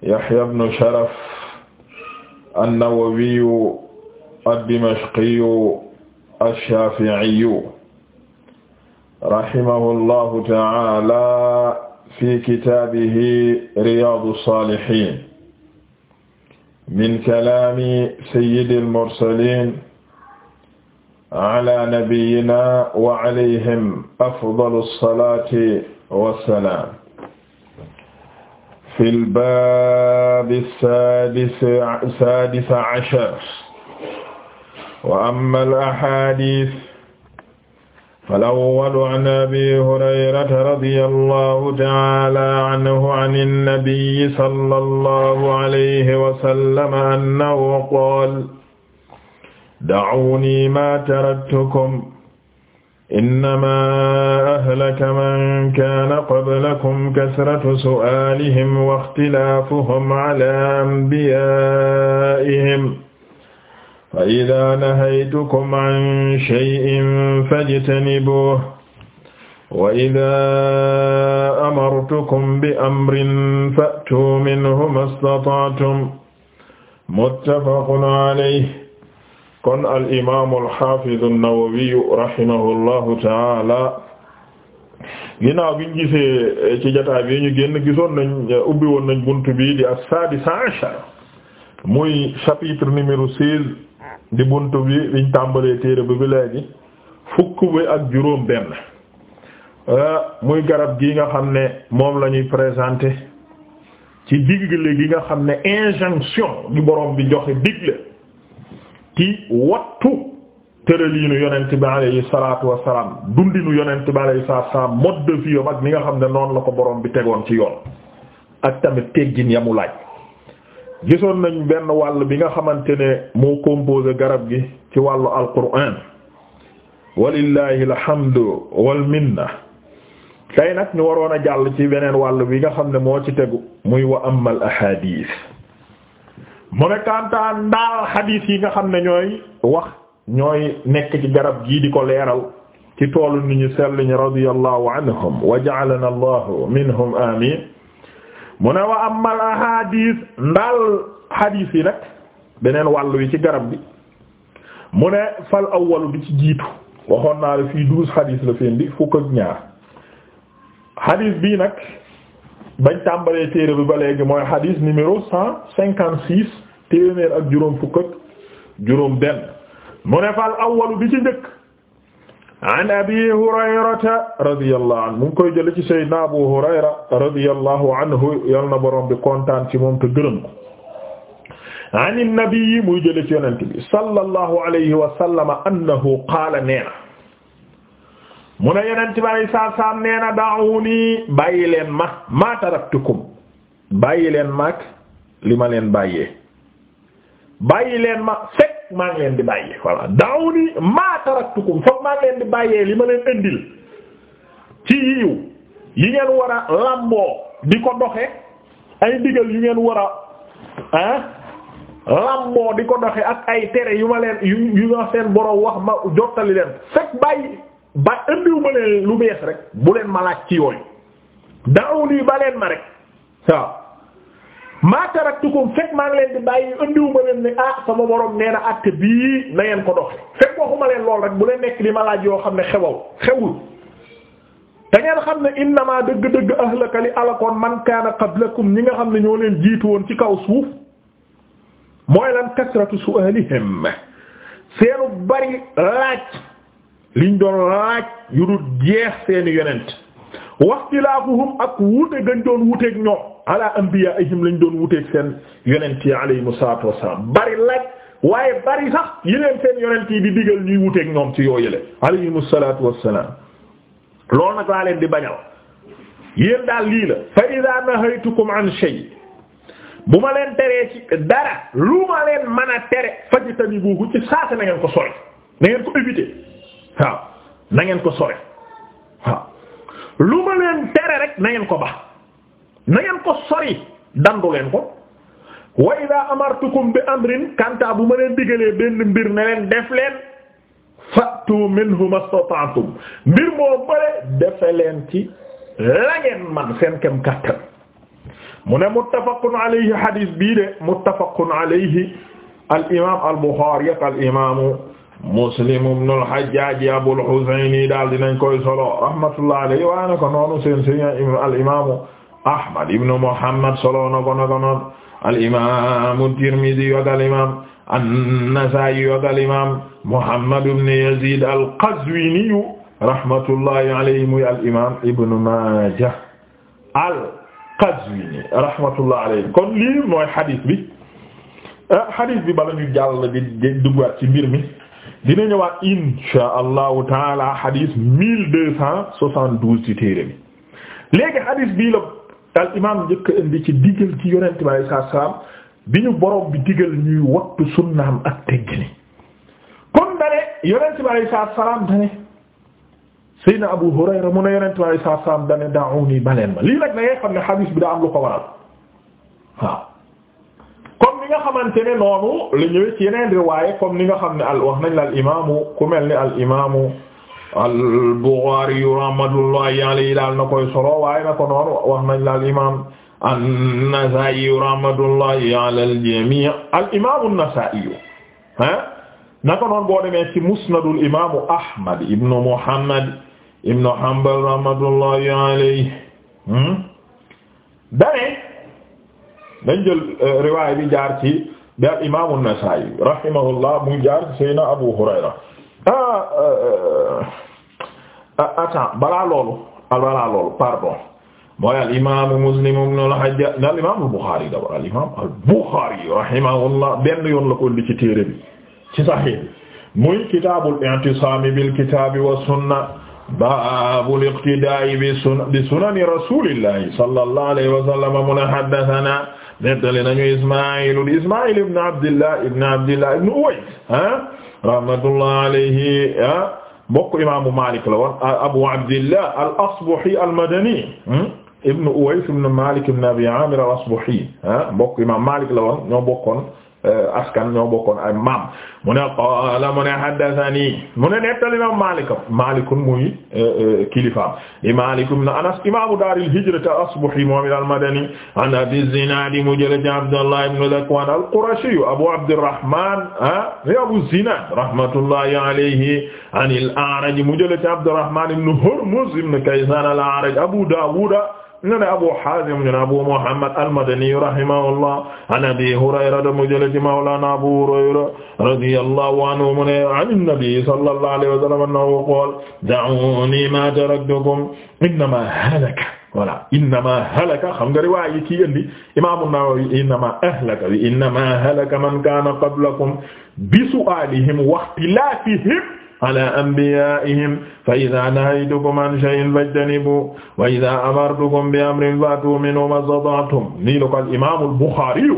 Yahya ibn Sharaf an-Nawawiyu ad-Dimashqiyu ash-Shafi'iyu rahimahullahu ta'ala fi kitaabihi Riyaadu s-Saalihiin min kalaami sayyidil mursaliin ala nabiyyinaa wa alayhim afdalu s-salaati wa s-salaam fil baabi saadis ashar wa ammal ahaadiis fal awwalu an abii hurayrata radiyallaahu ta'aalaa anhu anin nabiyyi sallallaahu alayhi wa sallam annahu qaala da'uunii maa taraktukum innamaa ahlaka man kaana qablakum kasratu su'aalihim wa ixtilaafuhum alaa anbiyaa'ihim fa idaa nahaytukum an shay'in fajtanibuuhu wa idaa amartukum bi amrin fa'tuu minhu mastata'tum muttafaqun alayhi kon al imaam al xaafiz an-Nawawi rahimahullahu taala ginnaaw bi ñu gisee eh, ci jotaay bi ñu génn gisoon nañ eh, ubbi woon nañ bunt bi di as-saadisa muy chapitre numéro seize di bunt bi liñ tàmbalee téere bi bi léegi fukk bi ak juróom benn eh, muy garab gi nga xam ne moom lañuy présenté ci digle gi nga xam ne injonction gi borom bi joxe digle ci wattu tërëliinu yonent bi alayhi salaatu wassalaam dundinu yonent bi alayhi salaatu wassalaam mode de ak ni nga xam ne noonu la ko borom bi tegoon ci yoon ak tamit teggin yamu laaj gisoon nañ benn wàll bi nga xamante ne moo composé garab gi ci wàllu alquran la alhamdu wal minna tey nag ñu waroon a jàll ci weneen wàll bi nga xam ne moo ci tegu muy wa amal ahadith mu ne Kantaa ndaal xadiis yi nga xam ne ñooy wax ñooy nekk ci garab gii di ko leeral ci toolu nit ñu sell ñi radiyallahu anhum wa ja'alana allahu minhum amin mu ne wa amal ahadis ndaal xadiis yi nag beneen wàll wi ci garab bi mu ne fal awwalu bi ci jiitu waxoon naa la fii douze xadiis la fi indi fukk ak ñaar xadiis bii nag bañ tàmbalee téere bi ba léegi mooy hadith numéro cent cinquante six téeméer ak juróom fukk ak juróom benn mu ne fal awwalu bi ci njëkk an abi hurayrata radiyallahu anhu mu ngi koy jële ci sayyidina abu hurayra radiyallahu anhu yal na borom bi kontaan ci moom te gërëm ko an nabi muy jële ci yonent bi sallallahu alayhi wa sallama annahu qaala neena mu a yeneen ci bari saa saa nee daawu nii bàyyi leen ma maa taraktukum bàyyi leen ma li ma leen bàyyee bàyyi leen ma fekk maa leen di bàyyee voilà daawu nii maa taraktukum fekk maa ngi leen di bàyyee li ma leen indil ci yiw yi ngeen war a làmboo di ko doxe ay digal yu ngeen war a ah làmboo di ko doxe ak ay tere yu ma leen yu yu ma seen borom wax ma jottali leen fekk bàyyi. ba ëndiwu ma leen lu bees rek bu leen ma laaj ci yooyu daaw lii ba leen ma rek waaw maa taraktukum fekk maa ngi leen di bàyyi ëndiwu ma leen ne ah sama borom nee na àtte bii na ngeen ko doxe fekk waxuma leen lool rek bu leen nekk li ma laaj yoo xam ne xewaw xewul te ngeen xam ne innama dëgg-dëgg ahlaka li alakoon man kaana qablakum ñi nga xam ne ñoo leen jiitu woon ci kaw suuf mooy lan kasratu su'alihim seenu bari laaj liñ doon laaj yu dul jeex seeni yonent waxtilaafuhum ak wuute gañ doon wuuteeg ñoom ala anbiyaa'ihim lañ doon wuuteeg seen yonent yi alayhimu salaatu wassalaam bari laaj waaye bari sax yeneen seen yonent yi di digal ñuy wuuteeg ñoom ci yoo yële alayhimu salaatu wassalaam loolu nag laa leen di bañal yéen daal lii la fa idaa nahaytukum an shay bu ma leen teree ci dara lu ma leen mën a tere fajtanibuhu ci saasa na ngeen ko sori na ko éviter waaw na ngeen ko sore waaw lu ma leen tere rek na ngeen ko ba na ngeen ko sori dandu leen ko wa ida amartukum bi amrin kanta bu ma leen digalee benn mbir ne leen def leen fatu minhu mastata'tum mbir moo bare defe leen ci la ngeen man seen kem kàttan mu ne muttafaqun alayhi hadis bii de muttafaqun alayhi al imam al bukhari ak al imam Muslim ibn al-Hajjaj Abul Husayn yi daal dinañ koy solo rahmatullah alayhi waa na ko noonu seen seen al-imaamu Ahmad ibn Muhammad solo na ko na ko noonu al-imaamu Tirmidhi ak al-imaam an-Nasaa'i ak al-imaam Muhammad ibn Yazid al-Qazwini rahmatullahi alayhi muy al-imaam Ibn Maajah al-Qazwini rahmatullahi alayhi kon lii mooy hadith bi hadith eh, bi bala ñu jàll di duggaat ci mbir mi. dina ñëwaat insha allahu taala hadith mille deux cent soixante douze ci téere bi léegi hadith bii la al imaam njëkk indi ci digal ci yonent bi alayhi salaatu salaam bi ñu borom bi digal ñuy wattu sunnaam ak teggini kon dane yonent bi alayhi salaam dane Seydina Abu Hurayra mu ne yonent bi alayhi salaatu salaam dane da'uni baleen ma lii nag da ngay xam ne hadith bi daa am lu ko waral ni nga xamante ne noonu la ñëwee ci yeneen riwaaye comme ni nga xam ne al wax nañ la al imaamu ku mel ni al imaamu al Buxaari rahmatullahi alayhi daal na koy solo waaye na ko noonu wax nañ la al imaam an-Nasaa'i rahmatullahi ala al jamii al imaamu an-Nasaa'i ah na ko noonu boo demee ci musnadul imaamu Ahmad ibn Muhammad ibn Hanbal rahmatullahi alayhi hmm? dañ jël euh, riwaay bi jaar ci bi al imaamu Nasaa'i rahimahullah mu jaar Seydina Abu Hurayra ah euh, euh, attends balaa loolu balaa loolu pardon mooy al imaamu Muslim ibn al-Hajjaj al imaamu Buxaari d'abord al imaam al Buxaari rahimahullah benn yoon la ko indi ci téere bi ci Sahih muy kitaabul i'tisaami bil kitaabi wa sunna baabul iqtidaa'i bi sunani rasuulillahi sallallahu alayhi wa sallam mun haddathanaa nettali nañu Ismaïl Ismaïl ibn Abdillah ibn Abdillah ibn Uways ah rahmatullah alayhi ah mbokk imaamu Malik la woon Abu Abdillah al-Asbahi al-Madani hmm, ibn Uways ibn Malik ibn Abi Amir al-Asbahi ah mbokk imaam Malik la woon ñoo bokkoon. Euh, askan ñoo bokkoon ay maam mu ne qaala mu ne haddathani mu ne nettali na Maalik Maalik muy euh, euh, kilifaam di Maalik ibn Anas imaamu daaril hijra asbahi mu'min al-Madani an Abi Zinaad mu jële ci Abdullah ibn Zakwaan al-Qurashi Abu Abdirrahmaan Abu Zinaad rahmatullahi alayhi an al-A'raj mu jële ci Abdurrahmaan ibn Hurmuz ibn Kaysaan al-A'raj Abu Daawuda ñu ne Abu Hazim ñu ne Abu Muhammad al-Madani rahimahullah an Abi Hurayra mu jële ci mawlana Abu Hurayra radiyallahu anhu mu ne an an-nabi sallallahu alayhi wa sallam annahu qaala da'uuni ma taraktukum innama halaka voilà innama halaka xam nga riwaay yi kii indi Imaamu Nawawi innama ahlaka innama halaka man kaana qablakum bi su'aalihim wa ikhtilaafihim ala anbiyaa'ihim fa idhaa nahaytukum an shay'in fajtanibuuhu wa idhaa amartukum bi amrin fa'tuu minhu mastata'tum nii la ko al imaam al Buxaari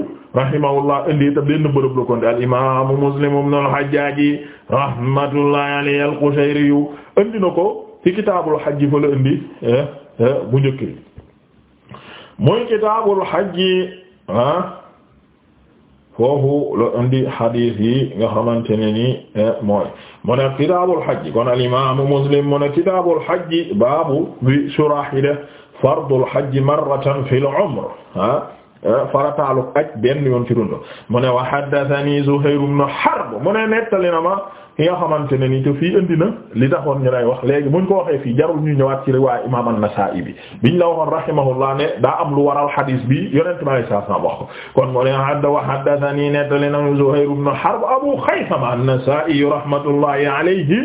rahimahullah indi ta benn bërëb la kon al imaam Muslim ibn al Hajjaaj rahmatullahi alayhi al Qushayri indi na ko ci kitaabul hajj fa la indi eh, eh, bu njëkk mooy kitaabul hajj ah, foofu la indi hadiis yi nga xamante ne nii eh, mooy mu ne kitaabul hajj kon al imaamu muslim mu ne kitaabul hajj baabu bi surah yi def fardul hajj marratan fil umr ah farataaluk aj benn yoon ci dund mu ne wa haddathani Zuhayr ibn Harb mu ne nettali na ma ki nga xamante ne nii te fii indi na li taxoon ñu lay wax léegi buñ ko waxee fii jarul ñu ñëwaat ci riwaay imaam an-Nasaa'i bi biñ la waxoon rahimahullah ne daa am lu waral xadiis bi yonent bi saa saa wax kon moo leen hadda wa haddathanii nettali na Zuhayr ibn Harb Abu Khaythama an-Nasaa'i rahmatullahi alayhi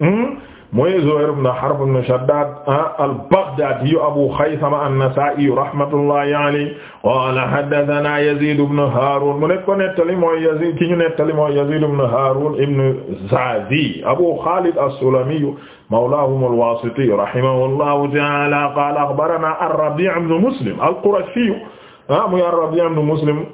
hmm? mooy Zuhayr ibn Harb ibn Shaddad ah, al-Baghdadi Abu Khaythama an-Nasa'i rahmatullahi alayhi qala haddathana Yazid ibn Harun mu nekk ko nettali mooy Yazid ki ñu nettali mooy Yazid ibn Harun ibn Zazi Abu Khalid as-Sulami mawlahum al-Wasiti rahimahullahu ta'ala qala akhbarana ar-Rabi' ibn Muslim al-Qurashi ah, muy ar-Rabi' ibn Muslim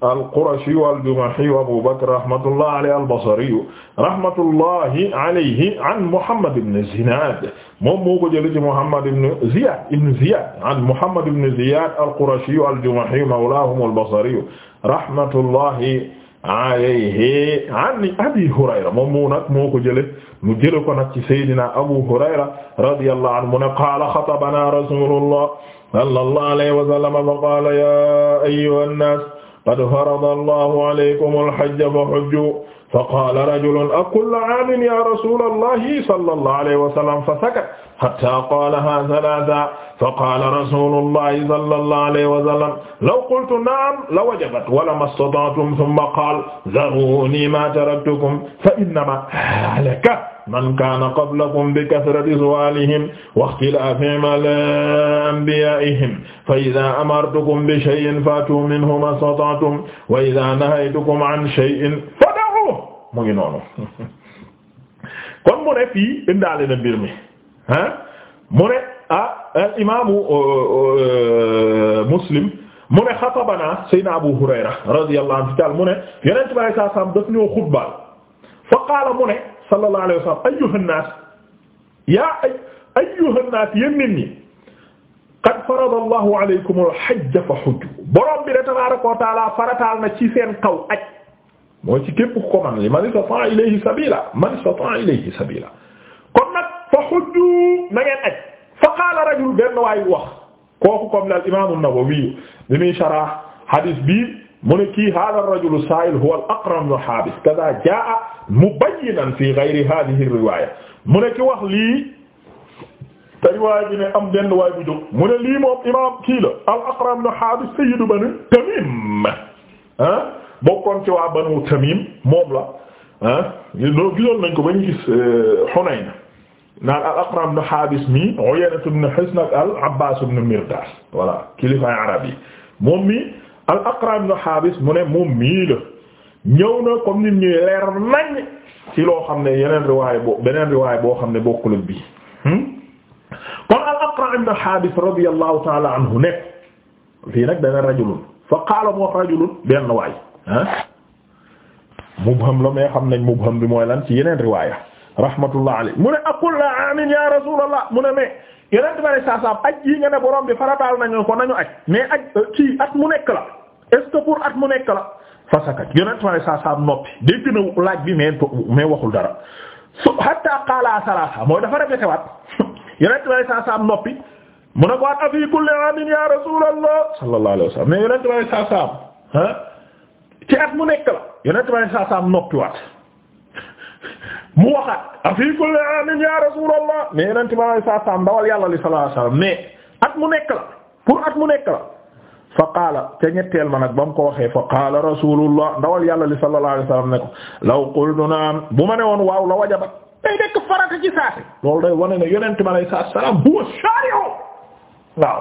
al-Qurashi wal-Jumahi wa Abu Bakr rahmatullahi alayhi al-Basri rahmatullahi alayhi an Muhammad ibn Zinad moom moo ko jëlee ci Muhammad ibn Ziyad ibn Ziyad an Muhammad ibn Ziyad al-Qurashi al-Jumahi mawlahum al-Basri rahmatullahi alayhi an Abi Hurayra moom mu nag moo ko jëlee mu jëlee ko nag ci Seydina Abu Hurayra radiyallahu anhu mu ne qaala xatabana rasulullah sallallahu alayhi wa sallam fa qaala ya ayyuhan nas qad farada allahu alaykum alhajja fa hujju fa qaala rajulun a kulla aamin ya rasula allahi sallallahu alayhi wa sallam fa sakata hatta qaalaha salaasa fa qaala rasulullahi sallallahu alayhi wa sallam law qultu na'am la wajabat wa lama stata'tum thumma qaala dharuunii maa taraktukum fa innamaa halaka man kaana qablakum bi kasrati su'aalihim wa ikhtilaafihim alaa anbiyaa'ihim fa idhaa amartukum bi shay'in fa'tuu minhu mastata'tum wa idhaa nahaytukum an shay'in fada'uuhu mu ngi noonu kon mu ne fii indaale na mbir mi ah mu ne ah imaamu uh, uh, Muslim mu ne xatabana Seydina Abu Hurayra radiyallahu anhu mu ne yeneen tubaab yi saa saam daf ñoo xutbal fa qaala mu ne. sallallahu alayhi wa sallam ayyuhan naas yaa ayyuhan naas yéen nit ñi qad farada allahu alaykum al-hajj fa hujju borom bi de tabaaraka wa taala farataal na ci seen kaw aj mooy ci képp ko man li man istata'a ilayhi sabila man istata'a ilayhi sabila kon nag fa hujju na ngeen aj fa qaala rajul benn waay wax kooku comme l'imam an-Nawawi bi muy sharah hadith bi mu ne kii hada rajulu sa'il huwa al-Aqram wa Habis kaza jaa mubayyinan fi ghayri hadhihi riwaya mu ne ki wax lii te riwaaya bi ne am benn waay bu jóg mu ne lii moom imaam kii la al-Aqram wa Habis sayyidu Banu Tamim ah bokkoon ci waa Banu Tamim moom la ah loolu gisoon nañ ko ba ñu gis eh, Hunayn naan al-Aqram ibn Haabis mi Uyayna ibn Hisn ak al-Abbaas ibn Mirdaas voilà kilifaay arab yi moom mi al Aqra ibn Habis mu ne moom mii la ñëw na comme nit ñuy leer nañ ci loo xam ne yeneen riwaay boo beneen riwaay boo xam ne bokkul ak bii hmm? kon al Aqra ibn Habis radiyallahu ta'ala anhu nekk fii nag dana rajulun fa qaala moo rajulun benn waay ah mubham la mais xam nañ mubham bi mooy lan ci yeneen riwaaya rahmatullah alayhi mu ne aqul la amin ya rasulallah mu ne mais yeneen riwaaya saa saa aj yi nga ne borom bi farataal nañu ko nañu aj mais aj mu nekk est-ce que at mu nekk la fasaka yonent ma ne saa saa noppi dégg na laaj bi mais mais waxul dara su hatta qaala dafa répété waat yonent ma ne saa noppi mu ne ko at afi kulli amin ya rasulallah sallallahu alayhi wasallam mais yonent ma ci at mu nekk la yonent ma noppi waat mu waxaat afi kulli amin ya rasulallah mais yonent ma ne saa saa ndawal yàlla li at mu nekk at mu fa qaala ca ñetteel ma nag ba mu ko waxee fa qaala rasulullah ndawal yàlla li sallallahu alayhi wasallam ne ko law qultu naam bu ma ne woon waaw la wajaba day nekk farata ci saasi loolu day wane ne yonent ma lay saa salaam huwa shari'u waaw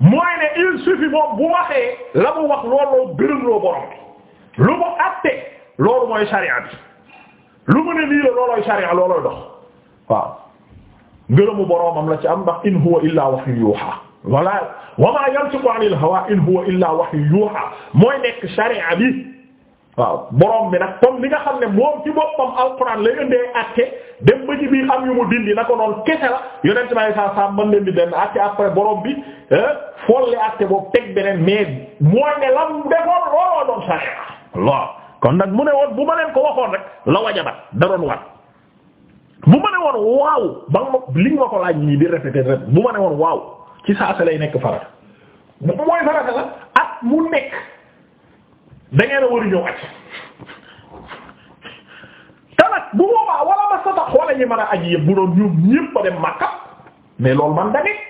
mooy ne il suffit moom bu waxee la mu wax looloo biral loo borom bi lu mu àtte loolu mooy sharia bi lu mu ne lii la loolooy sharia loolooy dox waaw ngërëmu boromam la ci am ndax in huwa illaa wahyun yuuhaa wala wa ma yantiqu anil hawa in huwa illa wahyu yuha mooy nekk sharia bi waaw borom bi nag comme li nga xam ne moom ci boppam alquran lay indee àtte dem ba ci am yu mu dindi na ko noonu kese la yonent bi saa saa mën leen di dem àtte après borom bi folle àtte boobu teg beneen mais mooy ne lam defoon looloo doon sharia Allah kon nag mu ne woon bu ma leen ko waxoon rek la wajabat da doon wat bu ma ne woon waaw ba li nga ma ko laaj ñii waaw. ci saasa lay nekk farata mooy farata la da ngeen a war a ñëw aj te nag ma sa tax wala ñi mën a aji yëpp bu doon ñoom ñëpp ba dem Makka mais loolu man da nekk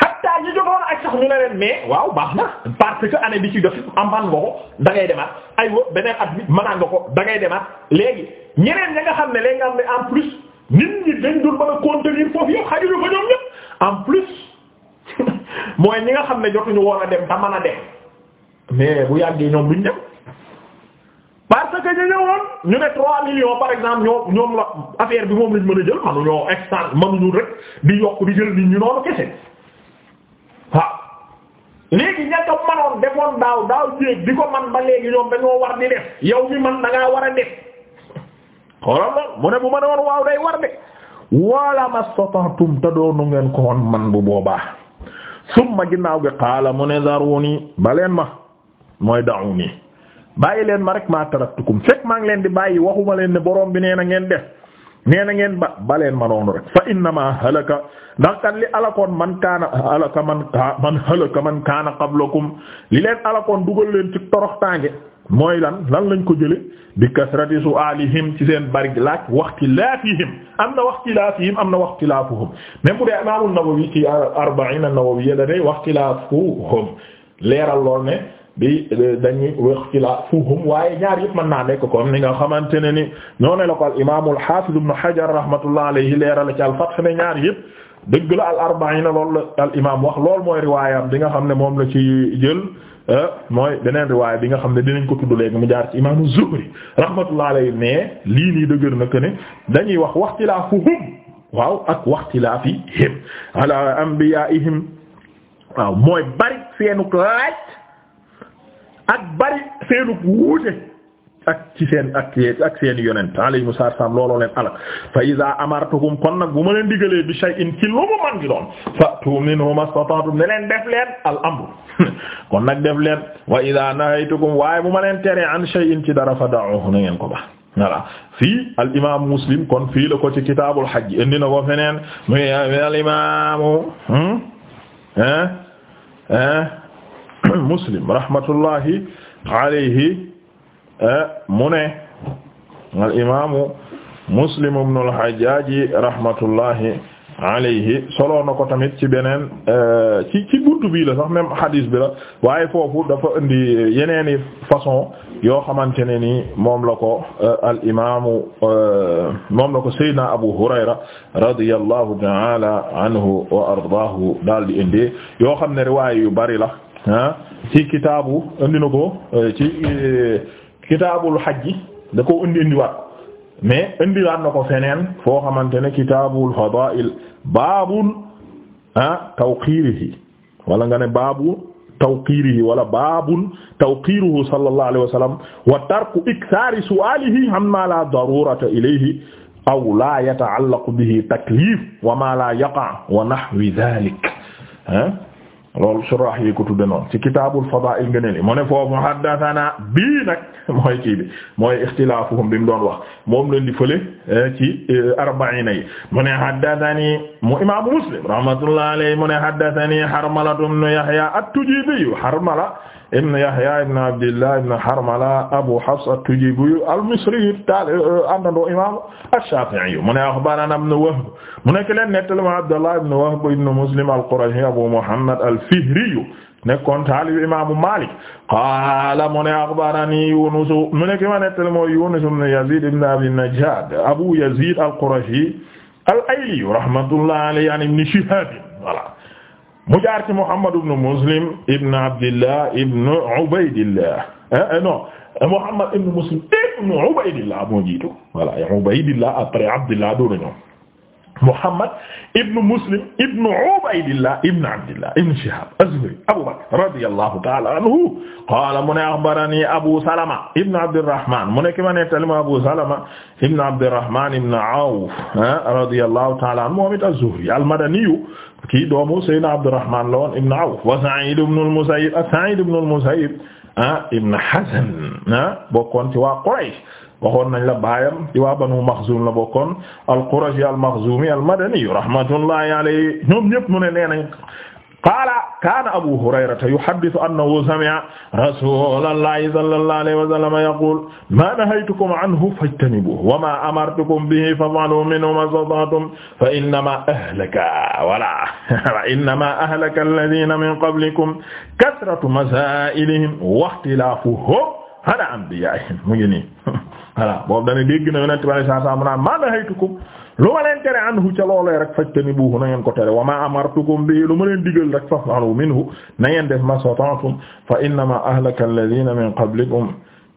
xatta ñi ñu ne leen waaw baax na parce que année bi ci def am man da ngay demaat aywa beneen at bi mënaan nga ko da ngay demaat léegi ñeneen ña nga xam ne léegi nga am ne en plus nit ñi dañ doon mën a contenir foofu yëpp xajuñu fa ñëpp en plus. mooy ñi nga xam ne jotuñu woon a dem te mën a dem mais bu yàggee ñoom luñ dem parce que ñu ñëwoon ñu ne 3 millions par exemple ñoo ñoom la affaire bi moom lañ mën a jël manuñoo extant manuñu rek di yokk di jël nit ñu noonu kese léegi ña manoon defoon daaw daaw jéeg di ko man ba léegi ñoom dañoo war di def yow mi man da war a def xoolal lool mu ne ma ne woon waaw day war de te doonu ngeen ko woon man bu boobaa. summa ginnaaw gi qaala mu ne daruni ba leen ma mooy da'uni bàyyi leen ma rek ma taraktukum fekk maa ngi leen di bàyyi waxuma leen ne borom bi nee na ngeen def nee na ngeen ba ba leen ma noonu rek fa innama halaka ndax kat li alakoon man kaana halaka man man halaka man kaana qablakum li leen alakoon dugal leen ci toroxtaange mooy lan lan lañ ko jële bi kasrati su'alihim ci seen bari laaj waxtilaafihim am na waxtilaafihim am na waxtilaafuhum même bu dee imaam an-Nawawi ci arba'in an-Nawawiyya da day waxtilaafuhum leeral lool ne bi eh, dañuy waxtilaafuhum waaye ñaar yëpp mën naa nekk comme ni nga xamante ne ni ñoo ne la ko al imaam al-Haafiz ibn Hajar rahmatullah alayhi leeral ci al-Fath ne ñaar yëpp dëgg la al arba'in loolu la al imaam wax lool mooy riwaayam bi nga xam ne moom la ci jël Euh, mooy beneen riwaay bi nga xam ne dinañ ko tudd léegi mu jaar ci imaamu Zuhri rahmatullah alayhi ne lii nii dëgër na que ne dañuy wax waxtilaafuhum waaw ak waxtilaafihim ala anbiyaa'ihim waaw mooy bari seenug laaj ak bari seenug wuute ak ci seen ak ak seen yonent alayhi salaam looloo leen alal fa amartukum kon nag bu ma leen bi shay'in ci lu mu man di doon fa'tu minhu mastata'tum ne leen def leen al amru kon nag def leen wa iza nahaytukum waaye bu ma leen teree an shay'in ci dara fa da'uhu na ngeen ko ba voilà fii al imaamu muslim kon fii la ko ci kitaabul hajj indi na ko feneen muy al imaamu hmm? eh? Eh? muslim rahmatullahi alayhi mu ne al imaamu Muslim ibn al Hajjaj rahmatullahi alayhi solo na ko tamit ci beneen euh, ci ci buntu bii sax même hadis bi la waaye foofu dafa indi yeneeni façon yoo xamante ne ni moom la ko euh, al imaamu euh, moom la ko Seydina Abu Hurayra radiyallahu ta'ala anhu wa ardaahu daal di indi yoo xam ne riwaay yu bari la ah ci kitaabu indi na ko ci. kitaabul hajji da ko indi indiwaat mais indiwaat na ko feneen foo xamante ne kitaabul fadaa'il baabul ah tawqiirihi wala nga ne baabu tawqiirihi wala baabul tawqiiruhu sallallahu alayhi wa sallam wa tarku ikthaari su'aalihi amma laa daruurata ilayhi aw laa yata'allaqu bihi takliif wa maa laa yaqa' wa nahwi dhaalik ah loolu surah yi ko tudde noonu ci kitaabul fadaa'il ngëneel yi mu ne foofu haddathana bii mooy kii bi mooy ixtilaafuhum bi mu doon wax moom leen di fële eh, ci eh, arba'iina yi mu ne haddathani mu muslim rahmatullahi alayhi mu haddathani harmalatu ibn yahya at-tujibi harmala ibn Yahya ibn Abdillah ibn Harmala Abu Hafs at-Tujibi al-Misri euh, àndandoo imaam ash-Shafi'i mu ne akhbarana ibn Wahb mu nekk leen nettali ma Abdallah ibn Wahb ibn Muslim al-Qurashi Abu Muhammad al-Fihri nekkoon taalibu imaamu Maalik qaala mu ne akhbarani Yunus mu nekk ma nettali mooy Yunus ibn Yazid ibn Abi Najjad Abu Yazid al-Qurashi al-Ayli rahmatullahi alayhi an Ibn Shihab voilà mu jaar ci Muhammad ibn Muslim ibn Abdillah ibn Ubaydillah eh, eh, non Muhammad ibn Muslim ibn Ubaydillah moo jiitu voilà Ubaydillah après Abdillah doon ñëw Muhammad ibn Muslim ibn Ubaydillah ibn Abdillah ibn Shihab az-Zuhri Abu Bakr radiyallahu ta'ala anhu qaala mu ne akhbarani Abu Salama ibn Abdirrahman mu ne ki ma nettali ma Abu Salama ibn Abdirrahman ibn Awf eh, radiyallahu ta'ala anhu moom it az-Zuhri al-Madani kii doomu Seydina Abdurrahman la woon Ibn Awf wa Sa'id ibn al-Musayyib ak Sa'id ibn al-Musayyib ah Ibn Hazn ah bokkoon ci waa Quraysh waxoon nañ la baayam ci waa Banu Makhzum la bokkoon al-Qurashi al-Makhzumi al-Madani rahmatullahi alayhi ñoom ñëpp mu ne nee nañ qaala kaana abu hurayrata yuhaddisu annahu sami'a rasulallahi sallallahu alayhi wa sallam yaqul ma nahaytukum anhu fajtanibuhu wa ma amartukum bihi faf'alu minhu ma istata'tum fa innama ahlaka wala fa innama ahlaka alladhina min qablikum kasratu masaa'ilihim wa ikhtilafuhum ala anbiya'ihim mu ngi nii voilà boobu dañuy dégg na Yonent bi sallallahu alayhi wa sallam ma nahaytukum lu ma leen anhu ca loolee fajtanibuhu na ngeen ko tere wa ma amartukum bihi lu ma leen digal rek fa'alu minhu na ngeen def masata'tum fa innama ahlaka alladhina min qablikum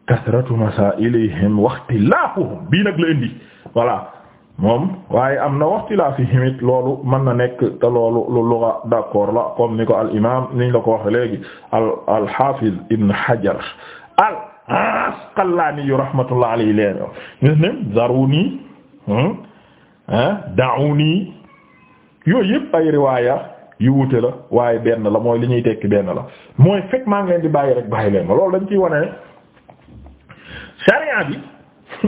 kasratu masailihim wa ikhtilafuhum bii nag la voilà moom waaye am na waxtilaafihim it mën na nekk te loolu lu luga d'accord la comme ni ko al ko waxe léegi al al hafiz ibn hajar al asqalani rahmatullah alayhi da'uni yooyu yëpp ay riwaaya yu wute la waaye benn la mooy li ñuy tekki benn la mooy fekk maa ngi di bàyyi rek bàyyi leen ma loolu dañ ciy wane ne bi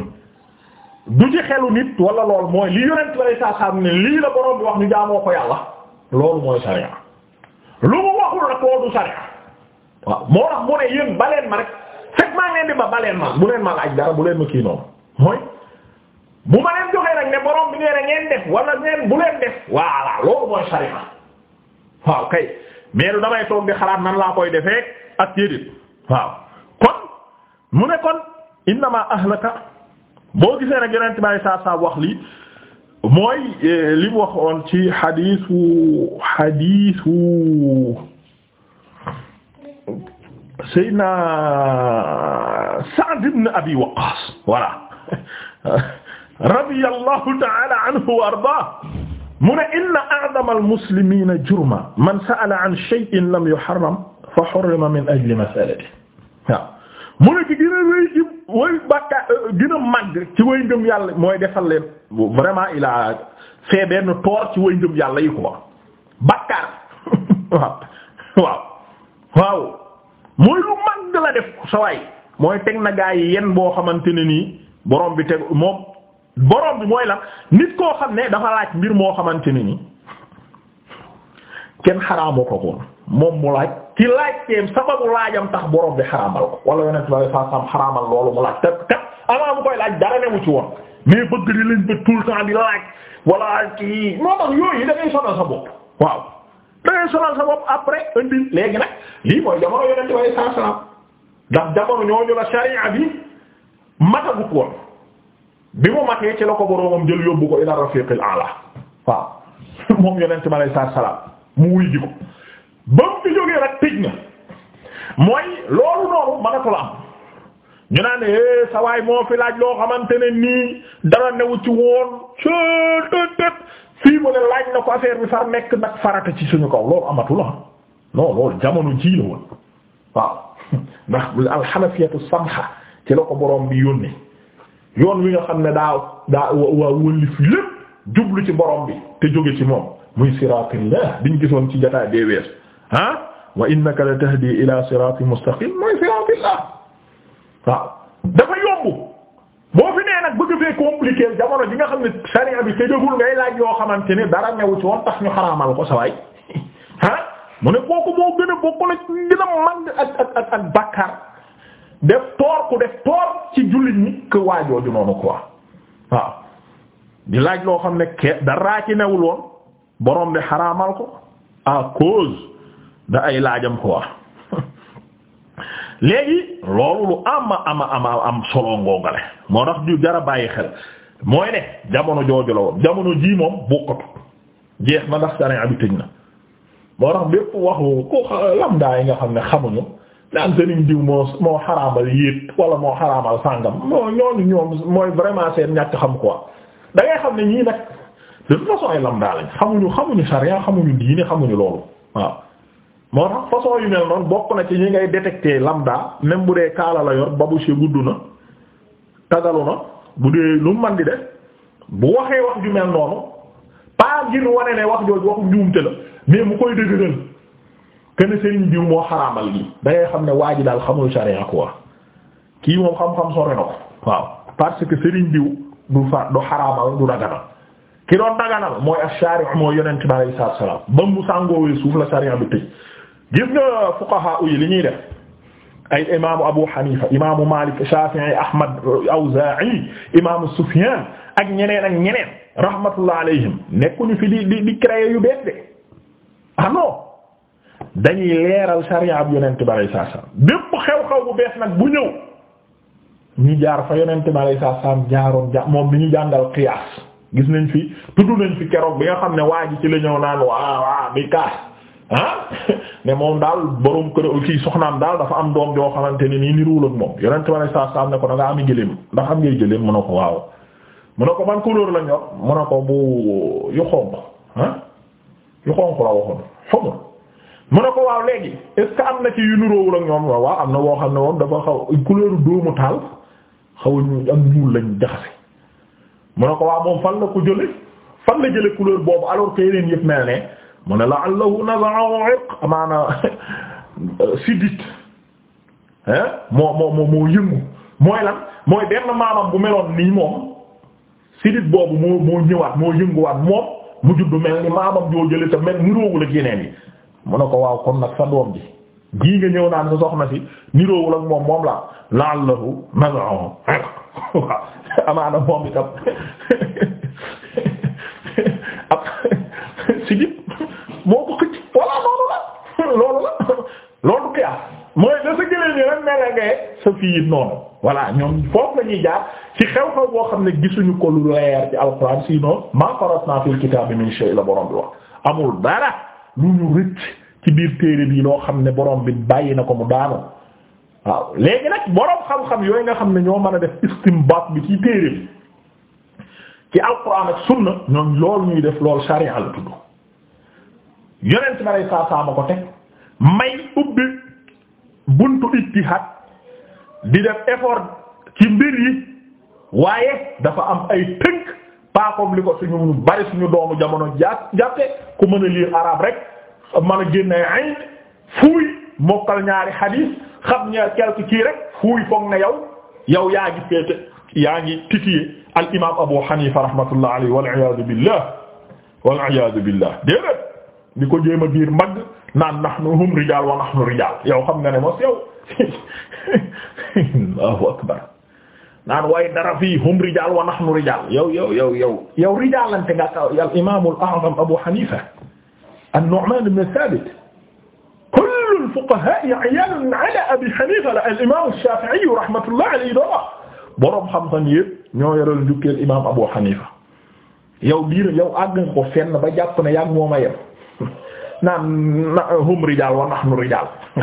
du ci xelu nit wala lool mooy li yonent lay saa xam ne lii la borom bi wax ñu jaamoo ko yàlla loolu mooy sharia lu mu waxul nag loolu du waaw moo tax mu ne yéen baleen ma rek fekk maa ngi leen di ba baleen ma bu leen ma laaj dara bu leen ma kii noonu mooy. bu ma leen joxee nag ne borom bi nee na ngeen def wala bu leen def voilà loolu mooy sariya waaw kay mais lu damay toog di xalaat nan laa koy defee ak déedéet waaw kon mu ne kon innama ahlaka boo gisee nag yonent bi saa wax lii mooy eh, li mu waxoon ci xadiisu xadiisu Seydina Sa'd ibn Abi Waqqas voilà radiyallahu ta'ala anhu wa ardaa mu ne inna a'zama al-muslimiina jurman man sa'ala an shay'in lam yuharram fa hurrima min ajli mas'alatihi waaw mu ne ci gën a rëy ci way bàkkaar gën a màgg ci way ngëm yàlla mooy defal leen vraiment il a fait benn tort ci way ngëm yàlla yi quoi bàkkaar waaw waaw waaw mooy lu màgg la def sa waay mooy teg na gaa yi yenn boo xamante ne nii borom bi teg moom borom bi mooy lan nit koo xam ne dafa laaj mbir moo xamante ni ni kenn xaraamoo ko woon moom mu laaj ci laaj teem sababu laajam tax borom bi xaraamal ko wala yonent bi sallallahu alayhi loolu mu laaj te kat avant koy laaj dara newu ci woon mais bëgg di lañ ba tout le temps di laaj wala kii moo yooyu da ngay sa bopp waaw da ngay sa bopp après indi léegi nag lii mooy jamono yonent bi sallallahu alayhi ndax jamono ñooñu la sharia bi matagut woon bi mu matee ci la ko boroomam jël yóbbu ko ila rafiqil ala waaw moom yonent bi alayhi salaatu salaam mu wuy ji ko ba mu fi jógee rek tëj na mooy loolu noonu mënatu am ñu naan eh sa moo fi laaj loo xamante ne nii dara newu ci woon cëtëtët fii mu ne laaj na ko affaire bi far nekk nag farata ci suñu kaw loolu amatu la ah. non loolu jamono jii la woon waaw ndax alxanafiyatu samha ci la ko boroom bi yónnee. yoon wi nga xam ne daa daa waa wëllif lépp jublu ci borom bi te jóge ci moom muy siratillah diñ gisoon ci jotaay bee weesu ah wa innaka la tahdi ila siratin mustaqim mooy siratillah waaw dafa yomb boo fi nee nag bëgg fee compliqué jamono ji nga xam ne sariya bi tëjagul ngay laaj yoo xamante ne dara newu ci woon tax ñu xaraamal ko sawaay ah mu ne kooku moo gën a bokk la gën a mag ak ak ak ak def toor ku def toor ci jullit ñi que waajooju noonu quoi waaw di laaj loo xam ne ke daraa ci newul woon borom bi xaraamal ko à cause da ay laajam quoi léegi loolu lu ama ama ama am solo ngoogale moo tax ju jara bàyyi xel mooy ne jamono jooju la woon jamono ji moom bokkatu jeex na ndax sariya bi tëj na moo tax bépp waxu ko lam daa yi nga xam ne xamuñu naan sëriñ diw moo moo xaraamal yéet wala moo xaraamal sàngam moo ñooñu ñoom mooy vraiment seen ñàkk xam ko da ngay xam ne ñii nag de toute façon ay lam daalañ xamuñu xamuñu sariya xamuñu diine xamuñu loolu waaw moo tax façon yu mel noonu bokk na ci ñi ngay détecter lambda même bu dee kaala la yor babu si gudd na tagalu na bu dee lu man di def bu waxee wax ju mel noonu pas ngir wane ne wax jooju waxu njuumte la mais mu koy dëgëral kenn sëriñ diw moo xaraamal lii da ngay xam ne waa ji daal xamul sharia quoi kii moom xam-xam sore na ko que sëriñ diw du fa du xaraamal du daganal ki doon daganal mooy ash-shari' mooy yonent bi alayhi suuf la sharia bi tëj gis nga fuqaha yi li ñuy def ay imaamu Abu Hanifa imaamu Malik Shafi'i Ahmad euh, Awza'i imaamu Sufyan ak ñeneen ak ñeneen nekkuñu fi di di di yu bees de ah non dañuy leeral sariya ab yonent bi alayhi salaam bépp xew-xew bu bees nag bu ñëw ñu jaar fa yonent bi alayhi salaam jaaroon ja moom bi ñu jàngal qiyaas gis nañ fi tudd nañ fi keroog bi nga xam ne waa ji ci la ñëw naan waa waa bi kaas ah ne moom daal borom kër kii soxnaam daal dafa am doom joo xamante ne nii niruwul ak moom yonent bi alayhi salaam ne ko da nga am gëléem ndax am ngay gëléem mën a ko waaw mën na ko ban couleur la ñor mën na ko bu yu xonq ah yu xonq la mu ne ko waaw léegi est ce que am na ci yu niroowul ak ñoom waaw am na woo xam ne moom dafa xaw couleur dóomu taal xaw a ak ñuul lañ ne ko waaw moom fan la ko jële fan la jële couleur boobu alors que yeneen yëpp mel ne mu ne la allahu naza'u irq amaana sidit hein moo moo moo yëngu mooy lan mooy benn maamam bu meloon nii moom sidit boobu moo moo ñëwaat moo yënguwaat moom mu juddu mel ni maamam joo jële te mel niroowul ak yeneen yi mu ne ko waaw kon nag sa doom ji gii nga ñëw naan sa soxna si niroowul ak moom moom la la'allahu naz'u waaw amaana moom itam ab si jib moo ko xëcc voilà loolu la loolu la loolu kiyaa mooy da sa gëlee rek mela ngaye sa fii it noonu voilà ñoom foofu la jaar ci xew-xew boo xam ne gisuñu ko lu leer ci alxuraan sinon ma faratna fil kitaabi min la borom bi wax amul dara lu ñu rëcc ci biir téere bi loo xam ne boroom bi bàyyi na ko mu daanu waaw léegi nag borom xam-xam yooyu nga xam ne ñoo mën a def istimbaat bi ci téere bi ci alquran ak sunna ñoom lool ñuy def loolu sharia la tudd yonent ma lay saa saa ko teg may ubbi buntu ijtihaad di def effort ci mbir yi waaye dafa am ay tënk. pas comme li bari suñu doomu jamono jàpp jàppe ku mën a lire arabe rek mën a génne ay fuuy mokkal ñaari xadiis xam ñaar quelque kii rek fuuy foog na yow yow yaa ngi féete yaa ngi titiyee Abu Hanifa rahmatullah wal iyaadu billah wal iyaadu billah déedéet di ko jéem a biir mag naan nahnu hum rijaal wa nahnu rijaal yow xam nga mos yow Allahu akbar naan way dara fii hum rijal wa nahnu rijal yow yow yow yow yow rijalante nga kaw al imam al a'zam Abu Hanifa an-Nu'man ibn Thabit kullu al-fuqaha iyalun ala Abi Hanifa la al imam ash-Shafi'i rahmatullah alayhi borom xam-xam yëpp ñoo yoral jukkeel imam Abu Hanifa yow diir yow àgg nga ko fenn ba jàpp ne yàgg moo ma yem naan hum rijal wa nahnu rijal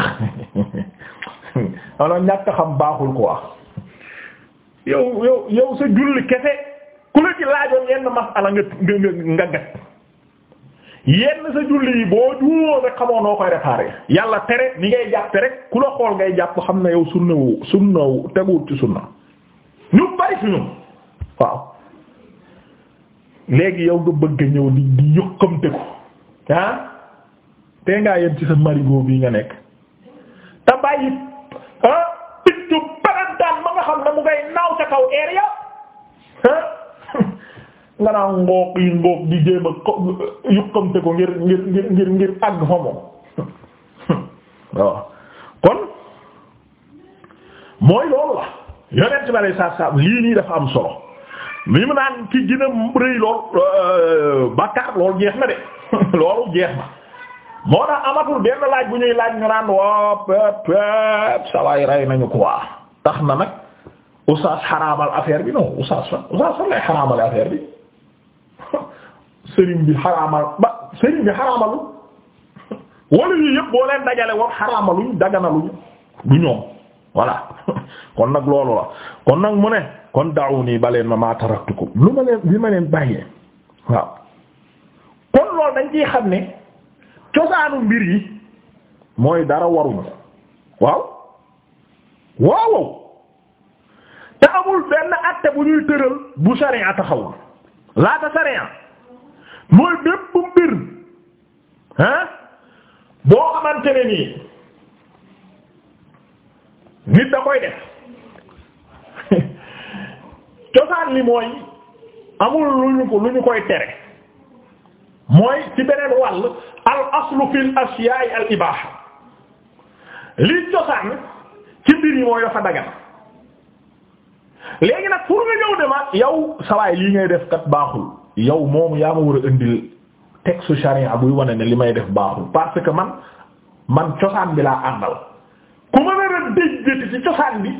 alors ñàkk xam baaxul quoi yow yow yow sa julli kese ku la ci laajoon yenn masala nga nga nga gat yenn sa julli yi boo juumoo rek xamoo noo koy réparer yàlla tere ni ngay jàppe rek ku la xool ngay jàpp xam ne yow sunna wu sunna wu teguwul ci sunna ñu bari suñu waaw léegi yow nga bëgg ñëw di di yëkkamte ko ah tee ngaa yem ci sa marigot bi nga nekk te bàyyi ah xam ne mu ngay naaw ca kaw air ya nga naa ngoog yi ngoog di jéem a yuqamte ko ngir ngir ngir ngir ngir àgg fa moom waaw kon mooy loolu la yonent bi alayhi salaatu salaam lii nii dafa am solo li mu naan ki gën a rëy lool euh, bàkkaar loolu jeex na de loolu jeex na moo tax amatul benn laaj bu ñuy laaj ñu naan waa pep pep sawaay rey nañu quoi tax na nag oustaz xaraamal affaire bi non oustaz fan oustaz fan lay xaraamal affaire bi sëriñ bi xaraamal ba sëriñ bi xaraamalu wala yu yëpp boo leen dajale woon xaraamaluñ daganaluñ du ñoom voilà kon nag loolu la kon nag mu ne kon daawu nii ba ma maa taraktukum lu ma leen li ma leen waaw kon loolu dañ ciy xam ne cosaanu mbir yi mooy dara waruñu waaw waaw te amul benn acte bu ñuy tëral bu sharia taxawul laata sharia mooy bépp mbir ah boo xamante nii nit da koy def cosaan li mooy amul lu ñu ko lu ñu koy tere mooy ci beneen wàll al aslu fil ashiya'i al ibaha li cosaan ci mbir yi mooy dafa dagan léegi nag pour nga ñëw de ma yow sawaay lii ngay def kat baaxul yow moom yaa ma war a indil texte charia buy wane ne li may def baaxul parce que man man cosaan bi laa àndal ku ma nar a déjjati ci cosaan bi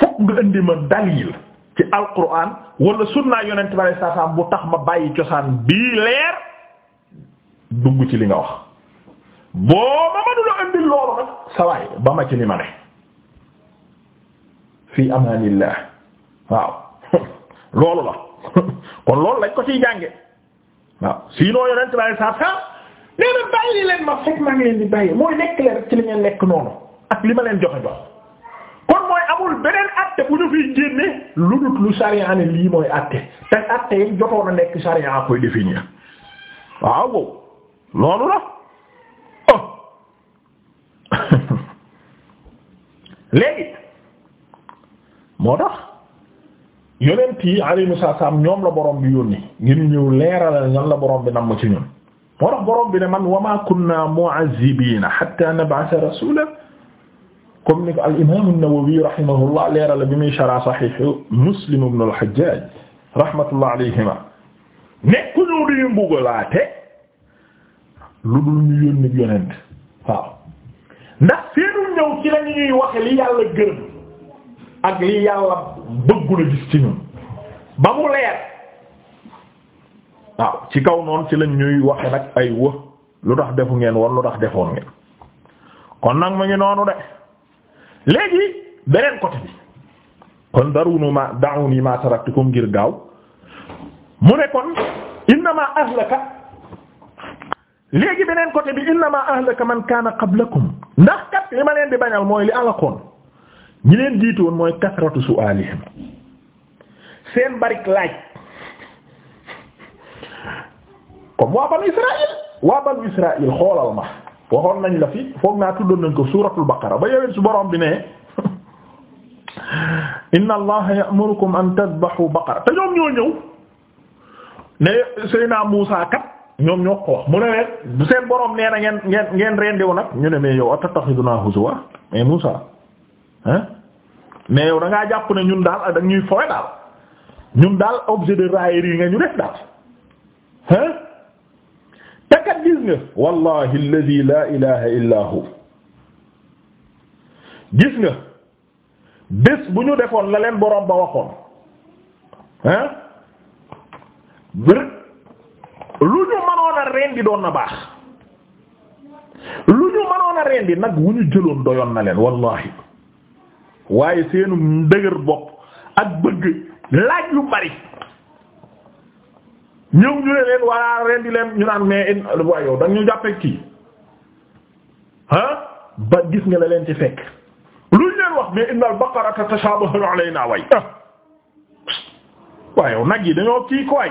fokk nga indi ma dalil ci alquran wala sunna yonent bi sallallahu alayhi bu tax ma bàyyi cosaan bi leer dugg ci li nga wax boo ma mënula indil loolu nag sawaay ba ma ci li ma ne fi amaanillah waaw loolu la kon loolu lañ ko ciy jànge waaw sinon yonent bi alei satu salam nee na leen ma fekk maa di bàyyi mooy nekk leen rek ci li nekk noonu ak li ma leen joxe jox kon mooy amul beneen atte bu ñu fiy génne lu dut lu sharia ne lii mooy atte te atte yi jotoon nekk sharia koy définir waaw boobu loolu la oh. léegi moo tax yonent yi salaam ñoom la borom bi yónni ngir ñëw leeralal ñan la borom bi namm ci ñun moo borom bi ne man wa ma kunna mu'azzibiina hatta nab'atha rasuula comme ni ko al imaam an-Nawawi rahimahullah leeralal bi muy sharh Sahih Muslim ibn al-Hajjaj rahmatullah alayhima nekkuñu di mbugalaate lu dul ñu yónni yonent waaw ndax seenu ñëw ci lañuy waxe li yàlla ak li yàlla bëggula gis ci ñun ba mu leer waaw ci kaw noon ci lañ ñuy waxe nag ay wë lu tax defu ngeen woon lu tax defoon ngeen kon nag mu ngi noonu de léegi beneen côté bi kon darunu ma da'uni ma taraktukum ngir gaaw mu ne kon innama ahlaka léegi beneen côté bi innama ahlaka man kaana qablakum ndax kat li ma leen di bañal mooy li alakoon ñi leen jiitu mooy kasratu su'aalihim seen barik laaj comme waa banu Israël waa banu Israël xoolal ma waxoon nañ la fi foog naa tuddoon nañ ko suuratul baqara ba yowén si borom bi ne inna allaha ya'murukum an tadbahu baqara te ñoom ñoo ñëw ne Seydina Muusaa kat ñoom ñoo ko mu ne leen seen borom nee na ngeen ngeen ngeen rendiwu nag ñu ne mais yow atataxiduna huzuwa mais Muusaa ah mais yow da jàpp ne ñun daal ak da ñuy fooy daal ñun daal objet de raillerie yi nga ñu def daal ah te kat gis nga wallahi alladhi illa hu gis nga bés bu ñu defoon la leen boroom ba waxoon ah lu ñu mënoon a rendi doon na baax lu ñu mënoon a rendi nag wu ñu jëloon doyoon na leen wallahi waaye seenu dëgër bopp ak bëgg laaj lu bari ñëw ñu ne leen walla ren di leen ñu naan mais waaye yow dañu jàppee kii ah ba gis nga la leen ci fekk luñ leen wax mais innal baqarata tashabahu alayna way waaye nag yi dañoo kii ko way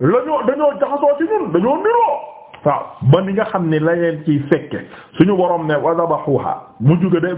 lañoo dañoo jaxasoo ci ñun dañoo niroo waaw ba ni nga xam ni la leen ciy fekke suñu borom ne wa mu juga de